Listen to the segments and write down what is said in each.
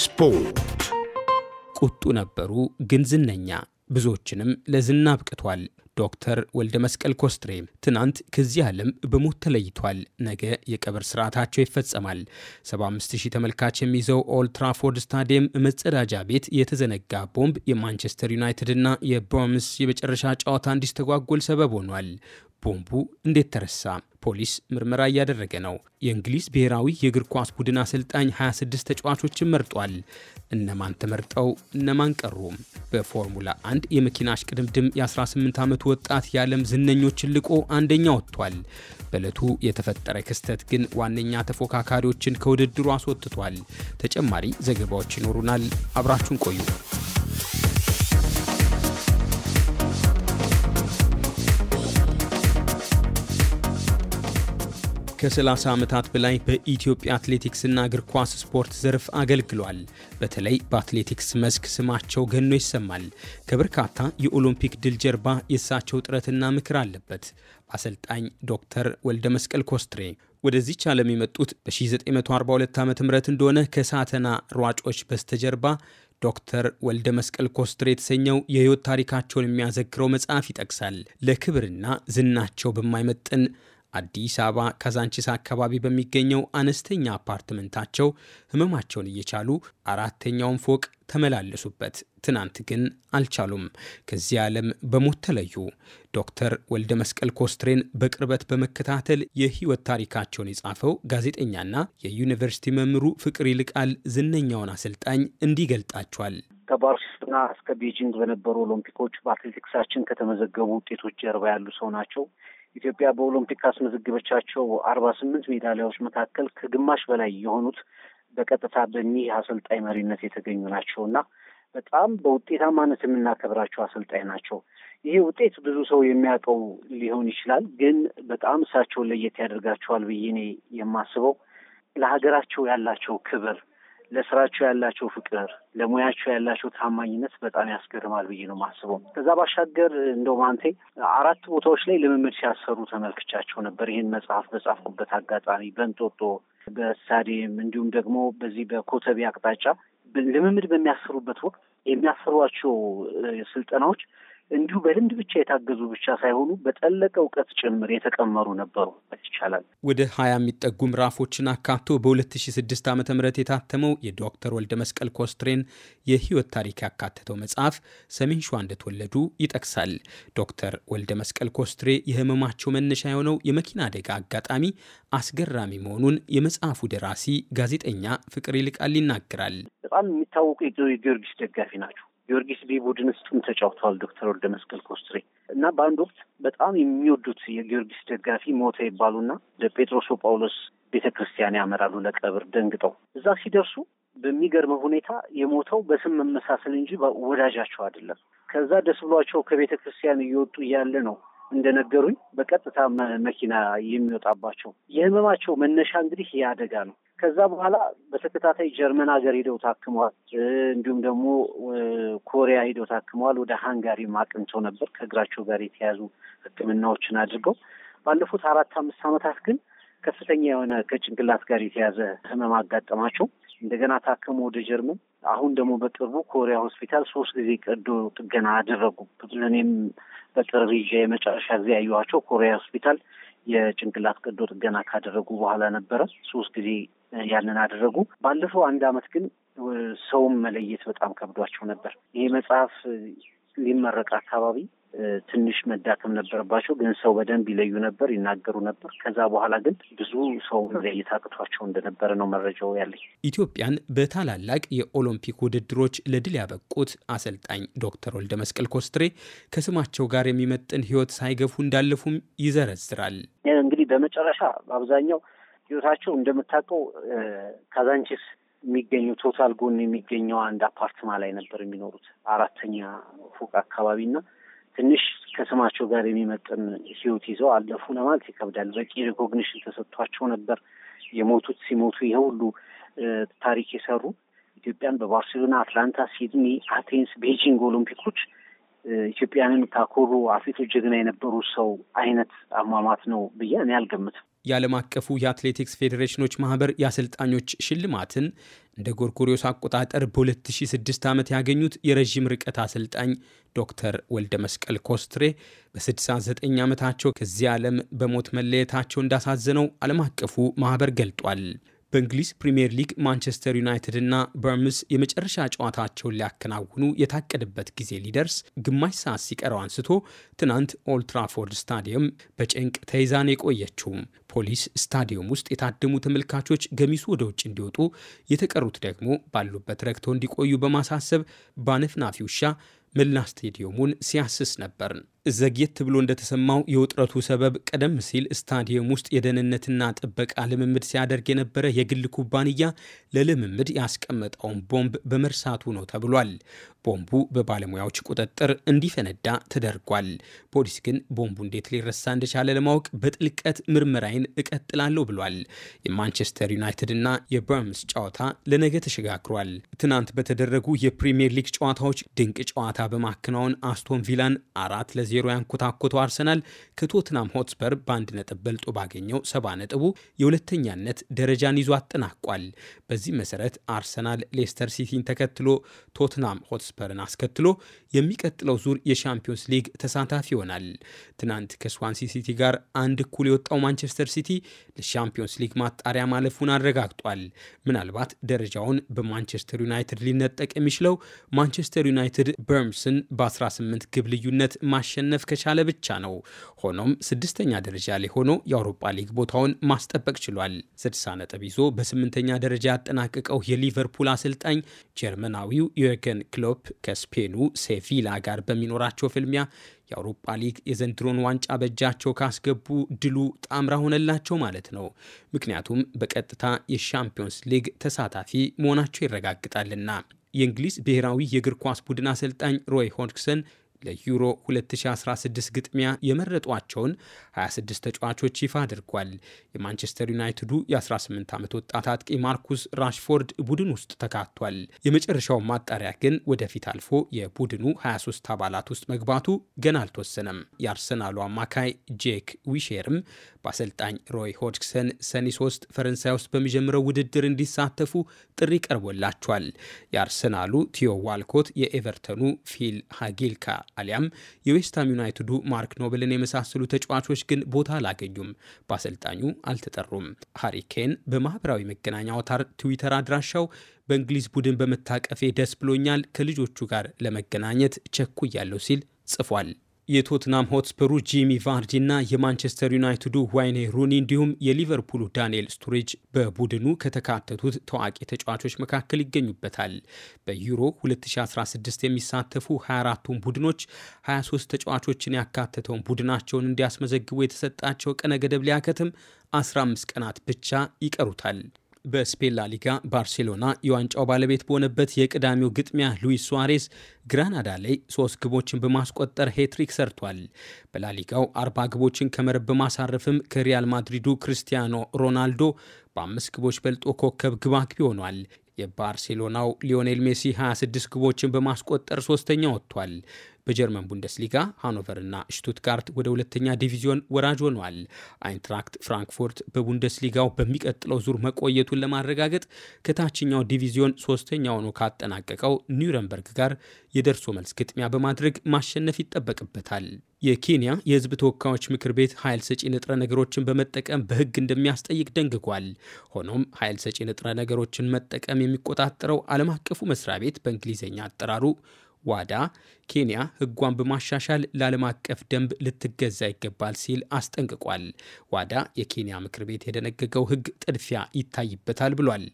ስፖርት ቁጡ ነበሩ፣ ግን ዝነኛ ብዙዎችንም ለዝና አብቅቷል። ዶክተር ወልደ መስቀል ኮስትሬ ትናንት ከዚህ ዓለም በሞት ተለይቷል። ነገ የቀብር ስርዓታቸው ይፈጸማል። 75000 ተመልካች የሚይዘው ኦልትራፎርድ ስታዲየም መጸዳጃ ቤት የተዘነጋ ቦምብ የማንቸስተር ዩናይትድና የቦምስ የመጨረሻ ጨዋታ እንዲስተጓጎል ሰበብ ሆኗል። ቦምቡ እንዴት ተረሳ? ፖሊስ ምርመራ እያደረገ ነው። የእንግሊዝ ብሔራዊ የእግር ኳስ ቡድን አሰልጣኝ 26 ተጫዋቾችን መርጧል። እነማን ተመርጠው እነማን ቀሩ? በፎርሙላ 1 የመኪና አሽቅድምድም የ18 ዓመቱ ወጣት የዓለም ዝነኞችን ልቆ አንደኛ ወጥቷል። በዕለቱ የተፈጠረ ክስተት ግን ዋነኛ ተፎካካሪዎችን ከውድድሩ አስወጥቷል። ተጨማሪ ዘገባዎች ይኖሩናል። አብራችሁን ቆዩ። ከ30 ዓመታት በላይ በኢትዮጵያ አትሌቲክስና እግር ኳስ ስፖርት ዘርፍ አገልግሏል። በተለይ በአትሌቲክስ መስክ ስማቸው ገኖ ይሰማል። ከበርካታ የኦሎምፒክ ድል ጀርባ የእሳቸው ጥረትና ምክር አለበት። አሰልጣኝ ዶክተር ወልደ መስቀል ኮስትሬ ወደዚች ዓለም የመጡት በ1942 ዓ ም እንደሆነ ከሳተና ሯጮች በስተጀርባ ዶክተር ወልደ መስቀል ኮስትሬ የተሰኘው የሕይወት ታሪካቸውን የሚያዘክረው መጽሐፍ ይጠቅሳል። ለክብርና ዝናቸው በማይመጥን አዲስ አበባ ካዛንቺስ አካባቢ በሚገኘው አነስተኛ አፓርትመንታቸው ህመማቸውን እየቻሉ አራተኛውን ፎቅ ተመላለሱበት። ትናንት ግን አልቻሉም። ከዚህ ዓለም በሞት ተለዩ። ዶክተር ወልደ መስቀል ኮስትሬን በቅርበት በመከታተል የህይወት ታሪካቸውን የጻፈው ጋዜጠኛና የዩኒቨርሲቲ መምህሩ ፍቅር ይልቃል ዝነኛውን አሰልጣኝ እንዲህ ገልጣቸዋል። ከባርሴሎና እስከ ቤጂንግ በነበሩ ኦሎምፒኮች በአትሌቲክሳችን ከተመዘገቡ ውጤቶች ጀርባ ያሉ ሰው ናቸው። ኢትዮጵያ በኦሎምፒክ ካስመዘገበቻቸው አርባ ስምንት ሜዳሊያዎች መካከል ከግማሽ በላይ የሆኑት በቀጥታ በኒህ አሰልጣኝ መሪነት የተገኙ ናቸው እና በጣም በውጤታማነት የምናከብራቸው አሰልጣኝ ናቸው። ይሄ ውጤት ብዙ ሰው የሚያውቀው ሊሆን ይችላል፣ ግን በጣም እሳቸውን ለየት ያደርጋቸዋል ብዬ እኔ የማስበው ለሀገራቸው ያላቸው ክብር ለስራቸው ያላቸው ፍቅር፣ ለሙያቸው ያላቸው ታማኝነት በጣም ያስገርማል ብዬ ነው ማስበው። ከዛ ባሻገር እንደው ማንቴ አራት ቦታዎች ላይ ልምምድ ሲያሰሩ ተመልክቻቸው ነበር። ይህን መጽሐፍ በጻፍኩበት አጋጣሚ በእንጦጦ በስታዲየም እንዲሁም ደግሞ በዚህ በኮተቤ አቅጣጫ ልምምድ በሚያሰሩበት ወቅት የሚያሰሯቸው ስልጠናዎች እንዲሁ በልምድ ብቻ የታገዙ ብቻ ሳይሆኑ በጠለቀ እውቀት ጭምር የተቀመሩ ነበሩ ይቻላል። ወደ ሀያ የሚጠጉ ምዕራፎችን አካቶ በ2006 ዓ ም የታተመው የዶክተር ወልደ መስቀል ኮስትሬን የህይወት ታሪክ ያካተተው መጽሐፍ ሰሜን ሸዋ እንደተወለዱ ይጠቅሳል። ዶክተር ወልደ መስቀል ኮስትሬ የህመማቸው መነሻ የሆነው የመኪና አደጋ አጋጣሚ አስገራሚ መሆኑን የመጽሐፉ ደራሲ ጋዜጠኛ ፍቅር ይልቃል ይናገራል። በጣም የሚታወቁ የጊዮርጊስ ደጋፊ ናቸው። ጊዮርጊስ ቢ ቡድን ውስጥም ተጫውተዋል ዶክተር ወልደ መስቀል ኮስትሬ እና በአንድ ወቅት በጣም የሚወዱት የጊዮርጊስ ደጋፊ ሞተ ይባሉና ለጴጥሮስ ጳውሎስ ቤተ ክርስቲያን ያመራሉ ለቀብር ደንግጠው። እዛ ሲደርሱ በሚገርመው ሁኔታ የሞተው በስም መመሳሰል እንጂ ወዳጃቸው አይደለም። ከዛ ደስ ብሏቸው ከቤተ ክርስቲያን እየወጡ እያለ ነው እንደነገሩኝ በቀጥታ መኪና የሚወጣባቸው የህመማቸው መነሻ እንግዲህ ይህ አደጋ ነው። ከዛ በኋላ በተከታታይ ጀርመን ሀገር ሄደው ታክመዋል። እንዲሁም ደግሞ ኮሪያ ሄደው ታክመዋል። ወደ ሃንጋሪ አቅንተው ነበር ከእግራቸው ጋር የተያዙ ሕክምናዎችን አድርገው ባለፉት አራት አምስት ዓመታት ግን ከፍተኛ የሆነ ከጭንቅላት ጋር የተያዘ ህመም አጋጠማቸው። እንደገና ታክሞ ወደ ጀርመን አሁን ደግሞ በቅርቡ ኮሪያ ሆስፒታል ሶስት ጊዜ ቀዶ ጥገና አደረጉ። እኔም በቅርብ ይዤ የመጨረሻ ጊዜ ያየኋቸው ኮሪያ ሆስፒታል የጭንቅላት ቀዶ ጥገና ካደረጉ በኋላ ነበረ። ሶስት ጊዜ ያንን አደረጉ። ባለፈው አንድ አመት ግን ሰውም መለየት በጣም ከብዷቸው ነበር። ይሄ መጽሐፍ ሊመረቅ አካባቢ ትንሽ መዳከም ነበረባቸው። ግን ሰው በደንብ ይለዩ ነበር፣ ይናገሩ ነበር። ከዛ በኋላ ግን ብዙ ሰው መለየት አቅቷቸው እንደነበረ ነው መረጃው ያለኝ። ኢትዮጵያን በታላላቅ የኦሎምፒክ ውድድሮች ለድል ያበቁት አሰልጣኝ ዶክተር ወልደ መስቀል ኮስትሬ ከስማቸው ጋር የሚመጥን ሕይወት ሳይገፉ እንዳለፉም ይዘረዝራል። እንግዲህ በመጨረሻ አብዛኛው ሕይወታቸው እንደምታውቀው ካዛንቺስ የሚገኘው ቶታል ጎን የሚገኘው አንድ አፓርትማ ላይ ነበር የሚኖሩት አራተኛ ፎቅ አካባቢ ትንሽ ከስማቸው ጋር የሚመጥን ህይወት ይዘው አለፉ ለማለት ይከብዳል። በቂ ሪኮግኒሽን ተሰጥቷቸው ነበር የሞቱት። ሲሞቱ ይሄ ሁሉ ታሪክ የሰሩ ኢትዮጵያን በባርሴሎና፣ አትላንታ፣ ሲድኒ፣ አቴንስ፣ ቤጂንግ ኦሎምፒኮች ኢትዮጵያንን ካኮሩ አትሌቶች ጀግና የነበሩ ሰው አይነት አሟሟት ነው ብዬ እኔ አልገምትም። የዓለም አቀፉ የአትሌቲክስ ፌዴሬሽኖች ማህበር የአሰልጣኞች ሽልማትን እንደ ጎርጎሪዮስ አቆጣጠር በ2006 ዓመት ያገኙት የረዥም ርቀት አሰልጣኝ ዶክተር ወልደ መስቀል ኮስትሬ በ69 ዓመታቸው ከዚህ ዓለም በሞት መለየታቸው እንዳሳዘነው ዓለም አቀፉ ማህበር ገልጧል። በእንግሊዝ ፕሪምየር ሊግ ማንቸስተር ዩናይትድ እና በርምስ የመጨረሻ ጨዋታቸውን ሊያከናውኑ የታቀደበት ጊዜ ሊደርስ ግማሽ ሰዓት ሲቀረው አንስቶ ትናንት ኦልትራፎርድ ስታዲየም በጭንቅ ተይዛን የቆየችውም ፖሊስ ስታዲየም ውስጥ የታደሙ ተመልካቾች ገሚሱ ወደ ውጭ እንዲወጡ፣ የተቀሩት ደግሞ ባሉበት ረግቶ እንዲቆዩ በማሳሰብ ባነፍናፊ ውሻ መላ ስታዲየሙን ሲያስስ ነበር። ዘግየት ብሎ እንደተሰማው የውጥረቱ ሰበብ ቀደም ሲል ስታዲየም ውስጥ የደህንነትና ጥበቃ ልምምድ ሲያደርግ የነበረ የግል ኩባንያ ለልምምድ ያስቀመጠውን ቦምብ በመርሳቱ ነው ተብሏል። ቦምቡ በባለሙያዎች ቁጥጥር እንዲፈነዳ ተደርጓል። ፖሊስ ግን ቦምቡ እንዴት ሊረሳ እንደቻለ ለማወቅ በጥልቀት ምርመራይን እቀጥላለሁ ብሏል። የማንቸስተር ና የበርምስ ጨዋታ ለነገ ተሸጋግሯል። ትናንት በተደረጉ የፕሪምየር ሊግ ጨዋታዎች ድንቅ ጨዋታ በማከናወን አስቶን ቪላን አራት ለ ለዜሮ ያንኮታኮተው አርሰናል ከቶትናም ሆትስፐር በአንድ ነጥብ በልጦ ባገኘው ሰባ ነጥቡ የሁለተኛነት ደረጃን ይዞ አጠናቋል። በዚህ መሰረት አርሰናል ሌስተር ሲቲን ተከትሎ ቶትናም ሆትስፐርን አስከትሎ የሚቀጥለው ዙር የሻምፒዮንስ ሊግ ተሳታፊ ይሆናል። ትናንት ከስዋንሲ ሲቲ ጋር አንድ እኩል የወጣው ማንቸስተር ሲቲ ለሻምፒዮንስ ሊግ ማጣሪያ ማለፉን አረጋግጧል። ምናልባት ደረጃውን በማንቸስተር ዩናይትድ ሊነጠቅ የሚችለው ማንቸስተር ዩናይትድ በርምስን በ18 ግብ ልዩነት ማሸነፍ ከቻለ ብቻ ነው። ሆኖም ስድስተኛ ደረጃ ላይ ሆኖ የአውሮፓ ሊግ ቦታውን ማስጠበቅ ችሏል። ስድሳ ነጥብ ይዞ በስምንተኛ ደረጃ ያጠናቀቀው የሊቨርፑል አሰልጣኝ ጀርመናዊው ዩርገን ክሎፕ ከስፔኑ ሴቪላ ጋር በሚኖራቸው ፍልሚያ የአውሮፓ ሊግ የዘንድሮን ዋንጫ በእጃቸው ካስገቡ ድሉ ጣምራ ሆነላቸው ማለት ነው። ምክንያቱም በቀጥታ የሻምፒዮንስ ሊግ ተሳታፊ መሆናቸው ይረጋግጣልና። የእንግሊዝ ብሔራዊ የእግር ኳስ ቡድን አሰልጣኝ ሮይ ሆድክሰን ለዩሮ 2016 ግጥሚያ የመረጧቸውን 26 ተጫዋቾች ይፋ አድርጓል። የማንቸስተር ዩናይትዱ የ18 ዓመት ወጣት አጥቂ ማርኩስ ራሽፎርድ ቡድን ውስጥ ተካቷል። የመጨረሻው ማጣሪያ ግን ወደፊት አልፎ የቡድኑ 23 አባላት ውስጥ መግባቱ ገና አልተወሰነም። የአርሰናሉ አማካይ ጄክ ዊሼርም በአሰልጣኝ ሮይ ሆድክሰን ሰኔ 3 ፈረንሳይ ውስጥ በሚጀምረው ውድድር እንዲሳተፉ ጥሪ ቀርቦላቸዋል። የአርሰናሉ ቲዮ ዋልኮት፣ የኤቨርተኑ ፊል ሃጊልካ አሊያም የዌስትሃም ዩናይትዱ ማርክ ኖብልን የመሳሰሉ ተጫዋቾች ግን ቦታ አላገኙም፣ በአሰልጣኙ አልተጠሩም። ሃሪኬን በማህበራዊ መገናኛ አውታር ትዊተር አድራሻው በእንግሊዝ ቡድን በመታቀፌ ደስ ብሎኛል፣ ከልጆቹ ጋር ለመገናኘት ቸኩ ሲል ጽፏል። የቶትናም ሆትስፐሩ ጂሚ ቫርዲ እና የማንቸስተር ዩናይትዱ ዋይኔ ሩኒ እንዲሁም የሊቨርፑሉ ዳንኤል ስቱሬጅ በቡድኑ ከተካተቱት ታዋቂ ተጫዋቾች መካከል ይገኙበታል። በዩሮ 2016 የሚሳተፉ 24ቱን ቡድኖች 23 ተጫዋቾችን ያካተተውን ቡድናቸውን እንዲያስመዘግቡ የተሰጣቸው ቀነ ገደብ ሊያከትም 15 ቀናት ብቻ ይቀሩታል። በስፔን ላሊጋ ባርሴሎና የዋንጫው ባለቤት በሆነበት የቅዳሜው ግጥሚያ ሉዊስ ሱዋሬዝ ግራናዳ ላይ ሶስት ግቦችን በማስቆጠር ሄትሪክ ሰርቷል። በላሊጋው አርባ ግቦችን ከመረብ በማሳረፍም ከሪያል ማድሪዱ ክርስቲያኖ ሮናልዶ በአምስት ግቦች በልጦ ኮከብ ግብ አግቢ ሆኗል። የባርሴሎናው ሊዮኔል ሜሲ 26 ግቦችን በማስቆጠር ሶስተኛ ወጥቷል። በጀርመን ቡንደስሊጋ ሃኖቨር እና ሽቱትጋርት ወደ ሁለተኛ ዲቪዚዮን ወራጅ ሆኗል። አይንትራክት ፍራንክፉርት በቡንደስሊጋው በሚቀጥለው ዙር መቆየቱን ለማረጋገጥ ከታችኛው ዲቪዚዮን ሶስተኛ ሆኖ ካጠናቀቀው ኒውረምበርግ ጋር የደርሶ መልስ ግጥሚያ በማድረግ ማሸነፍ ይጠበቅበታል። የኬንያ የሕዝብ ተወካዮች ምክር ቤት ኃይል ሰጪ ንጥረ ነገሮችን በመጠቀም በሕግ እንደሚያስጠይቅ ደንግጓል። ሆኖም ኃይል ሰጪ ንጥረ ነገሮችን መጠቀም የሚቆጣጠረው ዓለም አቀፉ መስሪያ ቤት በእንግሊዝኛ አጠራሩ ዋዳ ኬንያ ህጓን በማሻሻል ለዓለም አቀፍ ደንብ ልትገዛ ይገባል ሲል አስጠንቅቋል። ዋዳ የኬንያ ምክር ቤት የደነገገው ሕግ ጥድፊያ ይታይበታል ብሏል።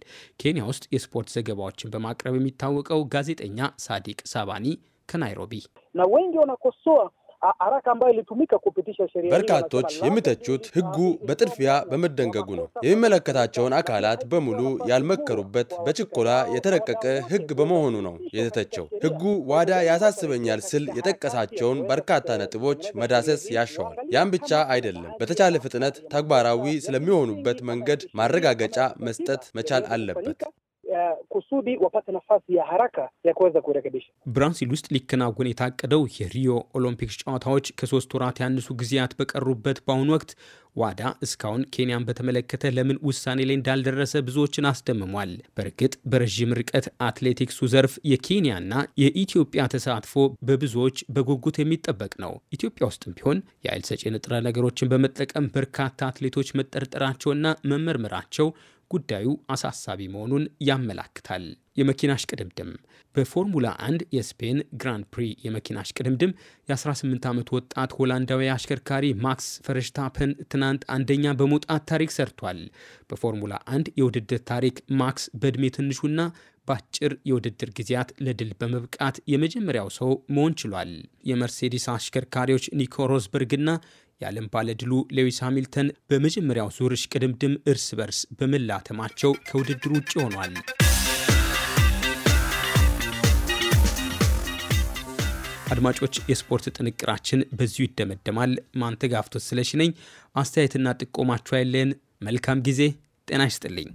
ኬንያ ውስጥ የስፖርት ዘገባዎችን በማቅረብ የሚታወቀው ጋዜጠኛ ሳዲቅ ሳባኒ ከናይሮቢ። Na wengi haraka ambayo ilitumika kupitisha sheria. በርካቶች የሚተቹት ሕጉ በጥድፊያ በመደንገጉ ነው። የሚመለከታቸውን አካላት በሙሉ ያልመከሩበት በችኮላ የተረቀቀ ሕግ በመሆኑ ነው የተተቸው። ሕጉ ዋዳ ያሳስበኛል ስል የጠቀሳቸውን በርካታ ነጥቦች መዳሰስ ያሻዋል። ያም ብቻ አይደለም፣ በተቻለ ፍጥነት ተግባራዊ ስለሚሆኑበት መንገድ ማረጋገጫ መስጠት መቻል አለበት። uh, kusudi wapate nafasi ya haraka ya kuweza kurekebisha. ብራዚል ውስጥ ሊከናወን የታቀደው የሪዮ ኦሎምፒክስ ጨዋታዎች ከሶስት ወራት ያነሱ ጊዜያት በቀሩበት በአሁኑ ወቅት ዋዳ እስካሁን ኬንያን በተመለከተ ለምን ውሳኔ ላይ እንዳልደረሰ ብዙዎችን አስደምሟል። በእርግጥ በረዥም ርቀት አትሌቲክሱ ዘርፍ የኬንያና የኢትዮጵያ ተሳትፎ በብዙዎች በጉጉት የሚጠበቅ ነው። ኢትዮጵያ ውስጥም ቢሆን የኃይል ሰጪ ንጥረ ነገሮችን በመጠቀም በርካታ አትሌቶች መጠርጠራቸውና መመርመራቸው ጉዳዩ አሳሳቢ መሆኑን ያመላክታል። የመኪና እሽቅድምድም በፎርሙላ 1 የስፔን ግራንድ ፕሪ የመኪና እሽቅድምድም የ18 ዓመት ወጣት ሆላንዳዊ አሽከርካሪ ማክስ ፈረሽታፐን ትናንት አንደኛ በመውጣት ታሪክ ሰርቷል። በፎርሙላ 1 የውድድር ታሪክ ማክስ በዕድሜ ትንሹና በአጭር የውድድር ጊዜያት ለድል በመብቃት የመጀመሪያው ሰው መሆን ችሏል። የመርሴዲስ አሽከርካሪዎች ኒኮ ሮዝበርግና የዓለም ባለድሉ ሌዊስ ሃሚልተን በመጀመሪያው ዙር እሽቅድምድም እርስ በርስ በመላተማቸው ከውድድሩ ውጭ ሆኗል። አድማጮች፣ የስፖርት ጥንቅራችን በዚሁ ይደመደማል። ማንተጋፍቶት ስለሽነኝ አስተያየትና ጥቆማችሁ አይለየን። መልካም ጊዜ። ጤና ይስጥልኝ።